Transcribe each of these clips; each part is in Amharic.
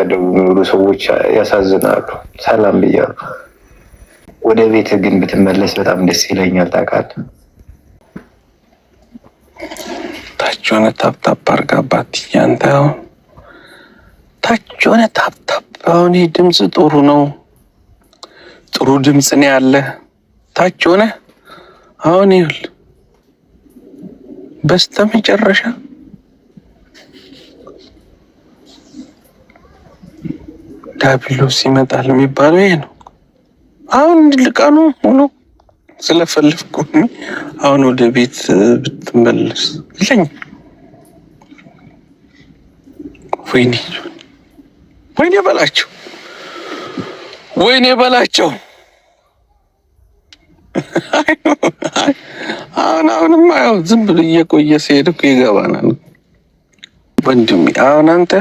ተሰደው የሚውሉ ሰዎች ያሳዝናሉ። ሰላም ብያሉ። ወደ ቤት ግን ብትመለስ በጣም ደስ ይለኛል። ታውቃለህ፣ ታች ሆነ ታፕታፕ አድርጋ አባትዬ፣ አንተ አሁን ታች ሆነ ታፕታፕ። አሁን ይህ ድምፅ ጥሩ ነው፣ ጥሩ ድምፅ ነው ያለ ታች ሆነ አሁን ይሁል በስተመጨረሻ ዳቢሎስ ይመጣል የሚባለው ይሄ ነው። አሁን ልቀኑ ሙሉ ስለፈለፍኩ አሁን ወደ ቤት ብትመለስ ይለኝ። ወይኔ ወይኔ በላቸው ወይኔ በላቸው። አሁን አሁንማ ያው ዝም ብሎ እየቆየ ሲሄድ እኮ ይገባናል ወንድሜ አሁን አንተ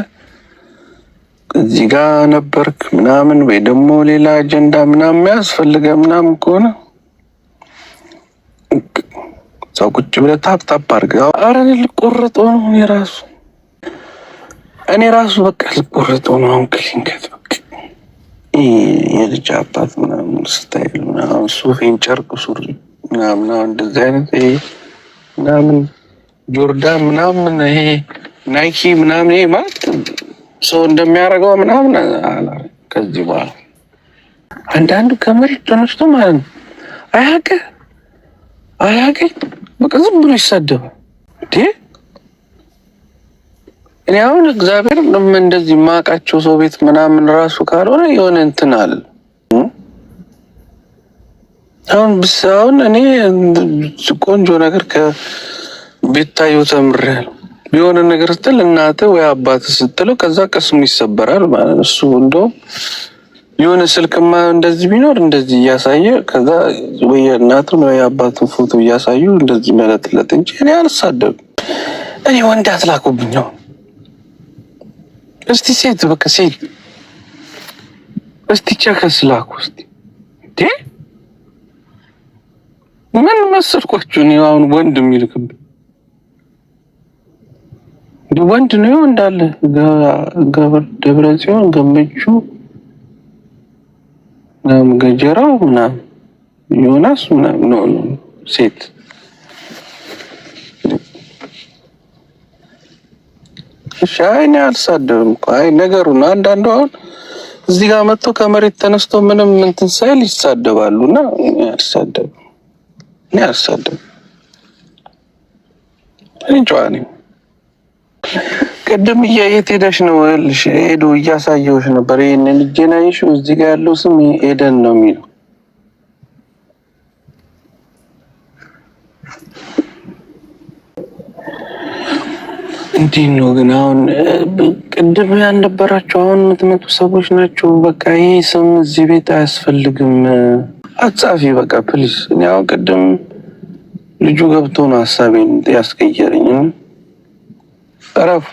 እዚህ ጋር ነበርክ ምናምን ወይ ደግሞ ሌላ አጀንዳ ምናምን ያስፈልገ ምናምን ከሆነ ሰው ቁጭ ብለህ ታፕታፕ አድርግ። አረ እኔ ልቆረጥ ነው እኔ ራሱ እኔ ራሱ በቃ ልቆረጥ ነው። አሁን ክሊንከት በቃ የልጅ አባት ምናምን ስታይል ምናምን ሱፌን ጨርቅ ሱሪ ምናምን እንደዚህ አይነት ምናምን ጆርዳን ምናምን ይሄ ናይኪ ምናምን ይሄ ማለት ሰው እንደሚያደርገው ምናምን ከዚህ በኋላ አንዳንዱ ከመሬት ተነስቶ ማለት ነው አያገ አያገ በቃ ዝም ብሎ ይሳደበ እንዴ እኔ አሁን እግዚአብሔር እንደዚህ ማቃቸው ሰው ቤት ምናምን ራሱ ካልሆነ የሆነ እንትን አለ። አሁን ብስ አሁን እኔ ቆንጆ ነገር ከቤታየው ተምሬያለሁ። የሆነ ነገር ስትል እናት ወይ አባት ስትለው ከዛ ቅስሙ ይሰበራል ማለት ነው። እሱ እንደውም የሆነ ስልክማ እንደዚህ ቢኖር እንደዚህ እያሳየ ከዛ ወይ እናቱን ወይ አባቱን ፎቶ እያሳዩ እንደዚህ መለጥለጥ እንጂ እኔ አልሳደብም። እኔ ወንድ አትላኩብኝ ነው። እስቲ ሴት በቃ ሴት እስቲ ቸከስ ላኩ እስቲ ምን መሰልኳችሁ? እኔ አሁን ወንድ የሚልክብኝ ወንድ ነው እንዳለ ደብረ ጽዮን ገመቹ ገጀራው ምናምን ዮናስ ምናምን ነው ሴት እሺ እኔ አልሳደብም። አይ ነገሩን አንዳንዱ አሁን እዚህ ጋር መጥቶ ከመሬት ተነስቶ ምንም እንትን ሳይል ይሳደባሉና አልሳደብም። እኔ አልሳደብም። እኔ ጨዋ ነኝ። ቅድም እያየት ሄደሽ ነው? ልሽ ሄዶ እያሳየውሽ ነበር። ይህን እጄን አየሽው? እዚህ ጋ ያለው ስም ኤደን ነው የሚለው እንዲህ ነው። ግን አሁን ቅድም ያልነበራቸው አሁን የምትመጡ ሰዎች ናቸው። በቃ ይህ ስም እዚህ ቤት አያስፈልግም። አጻፊ በቃ ፕሊስ። እኔ አሁን ቅድም ልጁ ገብቶ ነው ሀሳቤን ያስቀየረኝ። እረፉ።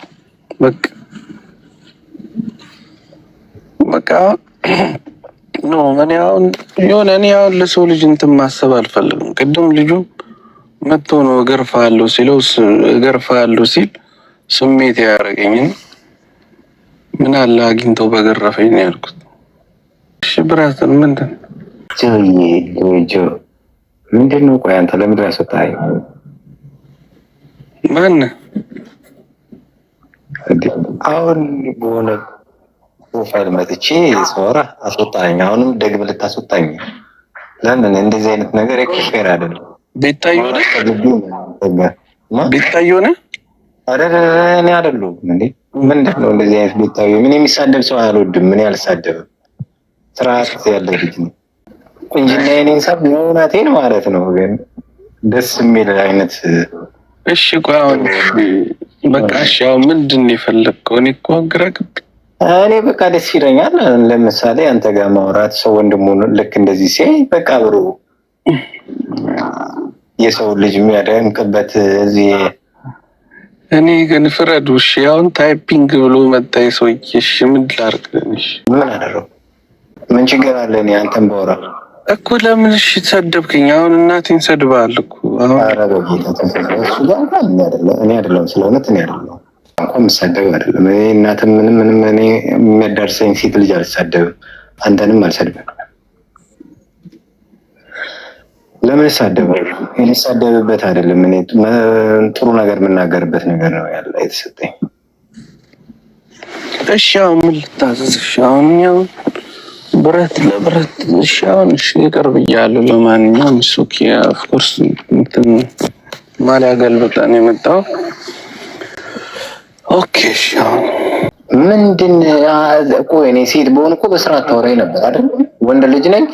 በቃ በቃ ነው። እኔ አሁን የሆነ እኔ አሁን ለሰው ልጅ እንትን ማሰብ አልፈልግም። ቅድም ልጁ መጥቶ ነው እገርፋ ያለው ሲለው እገርፋ ያለው ሲል ስሜት ያደረገኝ ምን አለ አግኝተው በገረፈኝ ነው ያልኩት። እሺ ብራዘር ምንድን ምንድን ነው? ቆይ አንተ ለምድር ያስወጣኸኝ ማነህ? አሁን በሆነ ፕሮፋይል መጥቼ ሰራ አስወጣኝ። አሁንም ደግብ ልታስወጣኝ ለምን? እንደዚህ አይነት ነገር ኤክስፔር አይደለም። ቤታዮ ቤታዮ ነ እኔ አይደለሁም። እንዴ ምንድን ነው እንደዚህ አይነት ቤታዮ? ምን የሚሳደብ ሰው አልወድም። ምን አልሳደብም። ስርዓት ያለ ልጅ ነው እንጂና የኔን ሳብ የእውነቴን ማለት ነው። ግን ደስ የሚል አይነት እሺ ቆይ በቃ ምንድን ነው የፈለግከው? እኔ እኮ ግራ እኔ በቃ ደስ ይለኛል። ለምሳሌ አንተ ጋር ማውራት ሰው ወንድሙ ልክ እንደዚህ ሲ በቃ ብሩ የሰው ልጅ የሚያደንቅበት እዚህ እኔ ግን ፍረድ ውሽ አሁን ታይፒንግ ብሎ መጣ የሰውዬ። እሺ፣ ምን ላድርግ? ምን አደረው? ምን ችግር አለ? እኔ አንተን ባውራ እኮ ለምን እሺ ሰደብክኝ? አሁን እናቴን ሰድባል እኮ አሁን አይደለሁም ስለ እኔ አይደለም። እኔ እናትም ምንም ምንም እኔ የሚያዳርሰኝ ሴት ልጅ አልሳደብም፣ አንተንም አልሰድብም። ለምን እሳደባለሁ? የሚሳደብበት አይደለም። እኔ ጥሩ ነገር የምናገርበት ነገር ነው ያለ የተሰጠኝ። እሺ አሁን ምን ልታዘዝሽ አሁን ብረት ለብረት እሺ፣ አሁን እሺ፣ ይቅር ብያለሁ። ለማንኛውም እሱ ኦፍኮርስ እንትን ማሊያ ገልብጠን የመጣው ኦኬ። እሺ፣ አሁን ምንድን እኮ እኔ ሴት በሆን እኮ በስርዓት ታወራኝ ነበር አይደል? ወንድ ልጅ ነኝ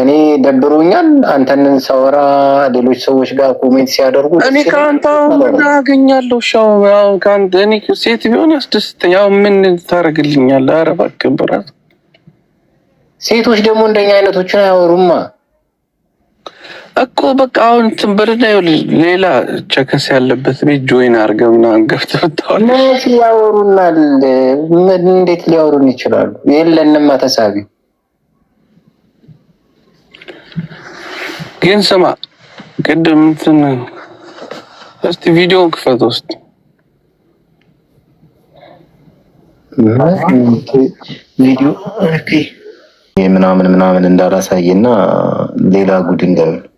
እኔ ደብሮኛል። አንተንን ሳወራ ሌሎች ሰዎች ጋር ኮሜንት ሲያደርጉ እኔ ከአንተ አገኛለሁ። ሻው እኔ ሴት ቢሆን ያስደስተኛል። ምን ታደርግልኛለህ? ኧረ እባክህ ብራት ሴቶች ደግሞ እንደኛ አይነቶችን አያወሩማ እኮ በቃ አሁን ትንበልና ሌላ ቸከስ ያለበት ቤት ጆይን አድርገህ ምናምን ገብተህ ብታወራ ያወሩናል? እንዴት ሊያወሩን ይችላሉ? የለንማ ተሳቢ። ግን ስማ ቅድም እንትን እስቲ ቪዲዮን ክፈት ውስጥ ቪዲዮ ምናምን ምናምን እንዳላሳይና ሌላ ጉድ እንዳይሆን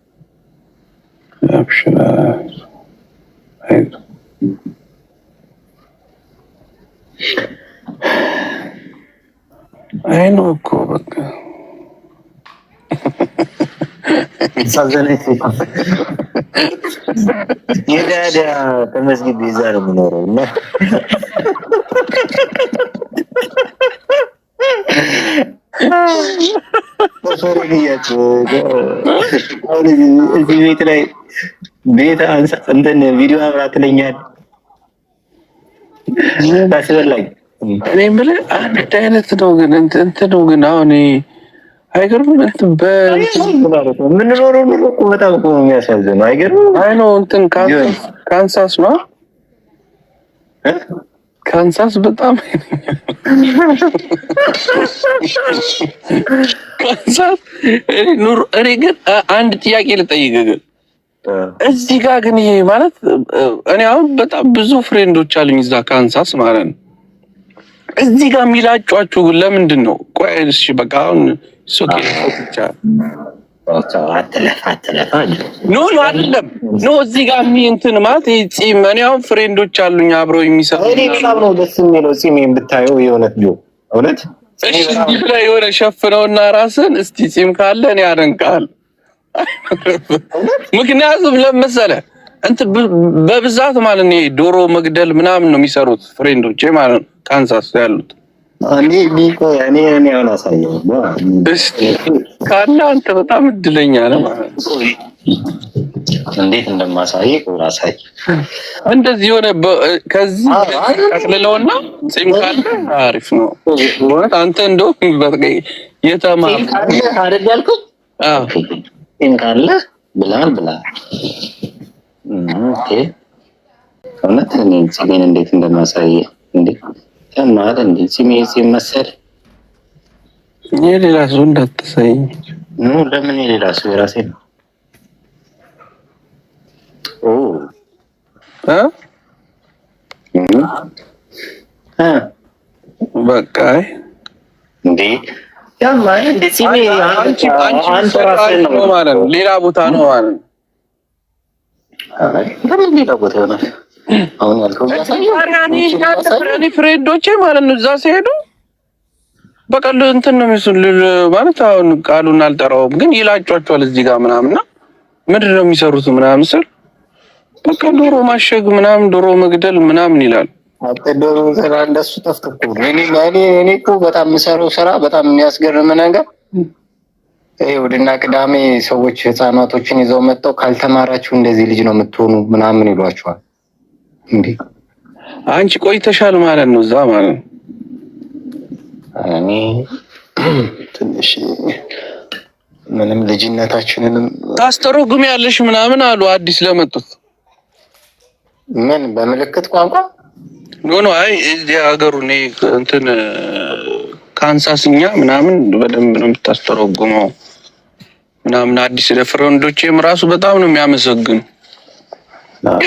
አይ ነው እኮ በቃ የዳዳ ተመስጊድ ቤዛ ነው የሚኖረው እና እዚህ ቤት ላይ ቤት እንትን ቪዲዮ አብራ ትለኛል ታስበላኝ። እኔ የምልህ አንድ አይነት ነው ግን እንትኑ ግን አሁን አይገርምም የምንኖረው ኑሮ እኮ በጣም እኮ የሚያሳዝነው። አይገርምም አይ ነው እንትን ካንሳስ ነው ካንሳስ በጣም ካንሳስ። ኑሮ እኔ ግን አንድ ጥያቄ ልጠይቅ ግን እዚህ ጋ ግን ይሄ ማለት እኔ አሁን በጣም ብዙ ፍሬንዶች አሉኝ እዛ ካንሳስ ማለት ነው። እዚህ ጋ የሚላጫችሁ ለምንድን ነው? ቆይ እሺ በቃ አሁን ሶኬ ብቻ ኖ ኖ አይደለም ኖ እዚህ ጋር እንትን ማለት ፂም እኔ አሁን ፍሬንዶች አሉኝ አብሮ የሚሰሩ እኔ በጣም ነው ደስ የሚለው ፂም የምታየው የእውነት ጆ እውነት እሺ እንዲህ ላይ የሆነ ሸፍነውና ራስን እስቲ ፂም ካለ እኔ አደንቃል ምክንያቱም ለመሰለ እንትን በብዛት ማለት ነው ዶሮ መግደል ምናምን ነው የሚሰሩት ፍሬንዶቼ ማለት ነው ካንሳስ ያሉት ካለ አንተ በጣም እድለኛ ነው። እንዴት እንደማሳይ ራሳይ እንደዚህ የሆነ ከዚህ ቀጥልለውና ፂም ካለ አሪፍ ነው። አንተ እንደውም የተማርክ አይደል ካለ ብላል ብላል። ኦኬ እውነት እኔ ፂሜን እንዴት እንደማሳይ እንዴት ያማረ እንዴ ስሜ ስም መሰል የሌላ ሰው እንዳትሰኝ ነው። ለምን የሌላ ሰው የራሴ ነው። ኦ እ እ በቃ እንዴ ያማረ እንዴ ስሜ አንቺ አንቺ ራስህ ነው ማለት ነው። ሌላ ቦታ ነው ማለት ነው። ለምን ሌላ ቦታ ነው? አሁን ያልከው ፍሬንዶቼ ማለት ነው እዛ ሲሄዱ በቀል እንትን ነው የሚሱ ማለት አሁን ቃሉን አልጠራውም፣ ግን ይላጫቸዋል እዚህ ጋር ምናምንና ምንድን ነው የሚሰሩት ምናምን ስል በቃ ዶሮ ማሸግ ምናምን ዶሮ መግደል ምናምን ይላል። ዶሮ ስራ እንደሱ ጠፍቶ እኔ እኮ በጣም የምሰራው ስራ በጣም የሚያስገርም ነገር እሑድና ቅዳሜ ሰዎች ህፃናቶችን ይዘው መጥተው ካልተማራችሁ እንደዚህ ልጅ ነው የምትሆኑ ምናምን ይሏቸዋል። እንዴ አንቺ ቆይተሻል ማለት ነው እዛ ማለት ነው። እኔ ትንሽ ምንም ልጅነታችንንም ታስተረጉም ያለሽ ምናምን አሉ አዲስ ለመጡት ምን በምልክት ቋንቋ ኖ ኖ አይ ሀገሩ እኔ እንትን ካንሳስኛ ምናምን በደንብ ነው የምታስተረጉመው ምናምን አዲስ ለፍረንዶቼም ራሱ በጣም ነው የሚያመሰግኑ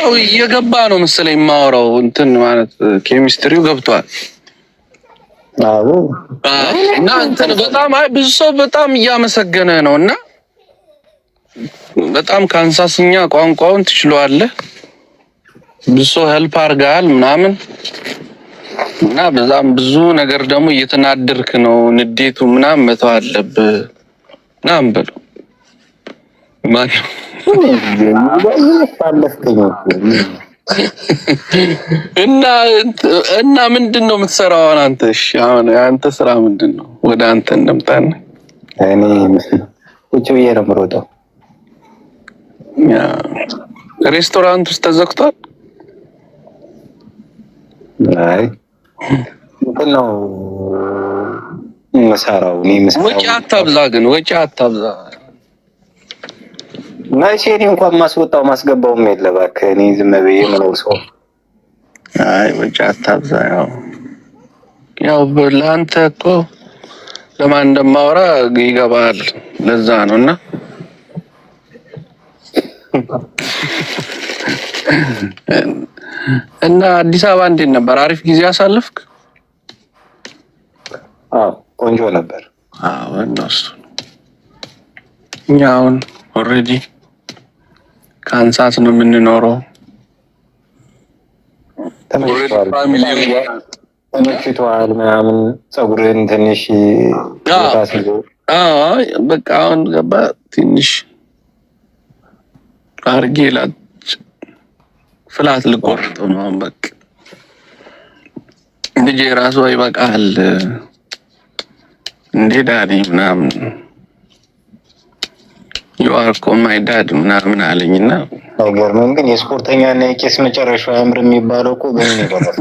ያው እየገባ ነው መሰለኝ የማወራው እንትን ማለት ኬሚስትሪው ገብቷል። እና እንትን በጣም ብዙ ሰው በጣም እያመሰገነ ነው እና በጣም ካንሳስኛ ቋንቋውን ትችለዋለህ፣ ብዙ ሰው ሄልፕ አድርገሃል ምናምን እና በጣም ብዙ ነገር ደግሞ እየተናደርክ ነው። ንዴቱ ምናምን መተው አለብህ ምናምን በለው እና እና ምንድን ነው የምትሰራው አንተ? አሁን አንተ ስራ ምንድን ነው? ወደ አንተ እንደምጣና እኔ ቁጭ ብዬ ነው የምሮጠው። ሬስቶራንት ውስጥ ተዘግቷል። አይ እንትን ነው የምሰራው። ወጪ አታብዛ ግን፣ ወጪ አታብዛ መቼ እኔ እንኳን ማስወጣው ማስገባውም የለ እባክህ። እኔ ዝም ብዬ ምለው ሰው አይ ውጭ አታብዛ። ያው ያው ለአንተ እኮ ለማን እንደማወራ ይገባል። ለዛ ነው እና እና አዲስ አበባ እንዴት ነበር? አሪፍ ጊዜ አሳለፍክ? ቆንጆ ነበር። አዎ እኛ አሁን ኦልሬዲ ካንሳስ ነው የምንኖረው። ተመችቷል ምናምን ትንሽ በቃ አሁን ገባ ትንሽ አርጌ ላጭ ፍላት ልቆርጥ ነው አሁን በቃ ልጄ ይበቃል እንዴ ምናምን ዩአርኮ ማይ ዳድ ምናምን አለኝ እና ጎርሜም ግን የስፖርተኛ እና የቄስ መጨረሻ አያምር የሚባለው እኮ በምን ይባላል?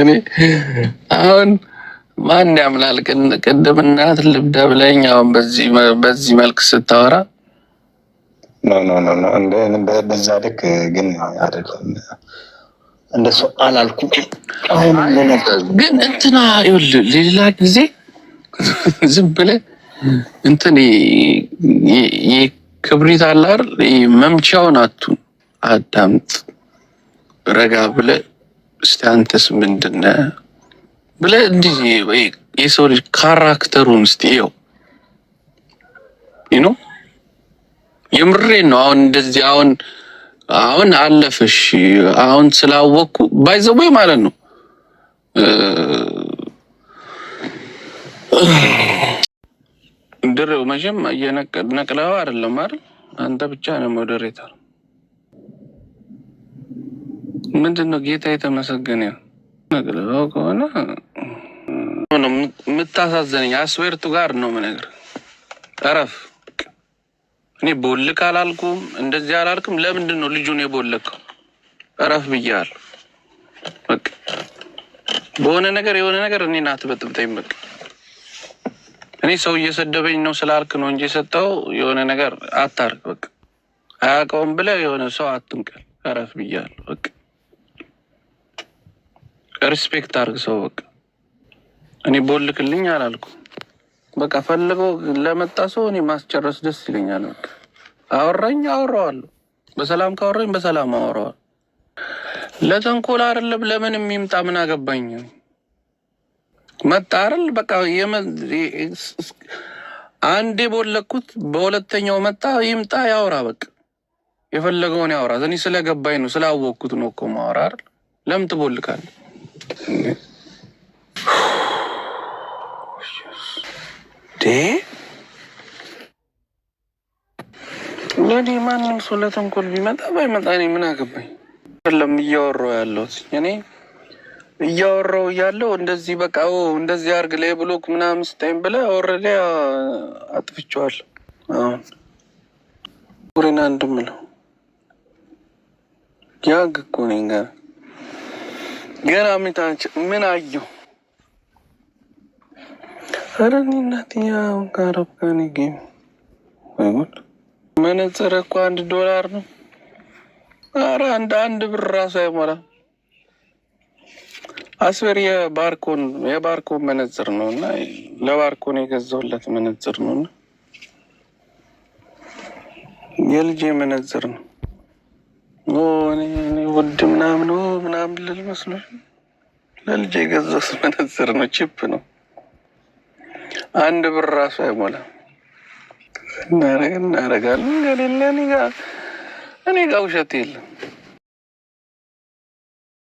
እኔ አሁን ማን ያምናል? ቅድም እናት ልብዳ ብላኝ አሁን በዚህ መልክ ስታወራ በዛ ልክ ግን አይደለም። እንደሱ አላልኩ። አሁን ግን እንትና ሌላ ጊዜ ዝም ብለህ እንትን ክብሪት አለ አይደል? መምቻውን አቱ አዳምጥ፣ ረጋ ብለህ እስቲ አንተስ ምንድን ነህ ብለህ እንዲህ የሰው ልጅ ካራክተሩን እስቲ ይኸው ይኖ የምሬ ነው። አሁን እንደዚህ አሁን አሁን አለፈሽ አሁን ስላወቅኩ ባይዘቦይ ማለት ነው ድሬው መቼም እየነቅለው አይደለም አይደል? አንተ ብቻ ነው ሞዴሬተር። ምንድን ነው ጌታ የተመሰገነ ነቅለው ከሆነ የምታሳዘነኝ አስዌርቱ ጋር ነው ምነግር እረፍ። እኔ ቦልክ አላልኩም፣ እንደዚህ አላልኩም። ለምንድን ነው ልጁን የቦለከው? እረፍ ብያለሁ። በቃ በሆነ ነገር የሆነ ነገር እኔን አትበጥብጠኝ በቃ እኔ ሰው እየሰደበኝ ነው ስላልክ ነው እንጂ የሰጠው የሆነ ነገር አታርግ። በቃ አያውቀውም ብለህ የሆነ ሰው አትንቀል። እረፍ ብያለሁ። በቃ ሪስፔክት አርግ ሰው። በቃ እኔ ቦልክልኝ አላልኩ። በቃ ፈልገው ለመጣ ሰው እኔ ማስጨረስ ደስ ይለኛል። በቃ አወራኝ፣ አወራዋለሁ። በሰላም ካወራኝ በሰላም አወራዋለሁ። ለተንኮል አይደለም። ለምን የሚምጣ ምን አገባኝ? መጣርል አይደል? በቃ አንዴ በወለኩት በሁለተኛው መጣ። ይምጣ ያውራ፣ በቃ የፈለገውን ያውራ። እኔ ስለገባኝ ነው ስላወቅኩት ነው እኮ ማውራ አይደል? ለምን ትቦልካል? ለእኔ ማንም ሰው ለተንኮል ቢመጣ ባይመጣ እኔ ምን አገባኝ? ለም እያወራሁ ያለሁት እኔ እያወራው እያለው እንደዚህ በቃ እንደዚህ አርግ ላይ ብሎክ ምናምን ስጠኝ ብለ ኦልሬዲ አጥፍቼዋል። አሁን ቁሬና ነው ያግ እኮ ነኝ ገና ገና ሚታንች ምን አየሁ። ኧረ እኔ እናት ያው ከአረብ ጋኔ ጌም ወይጉድ መነጽር እኮ አንድ ዶላር ነው። ኧረ አንድ አንድ ብር ራሱ አይሞላም። አስበር የባርኮን የባርኮን መነጽር ነው እና ለባርኮን የገዛውለት መነጽር ነው እና የልጄ መነጽር ነው። ውድ ምናምን ምናምን ልል መስሎሽ ለልጄ የገዛውስ መነጽር ነው። ቺፕ ነው። አንድ ብር ራሱ አይሞላም። እናደርጋለን ከሌለ እኔ ጋ እኔ ጋ ውሸት የለም።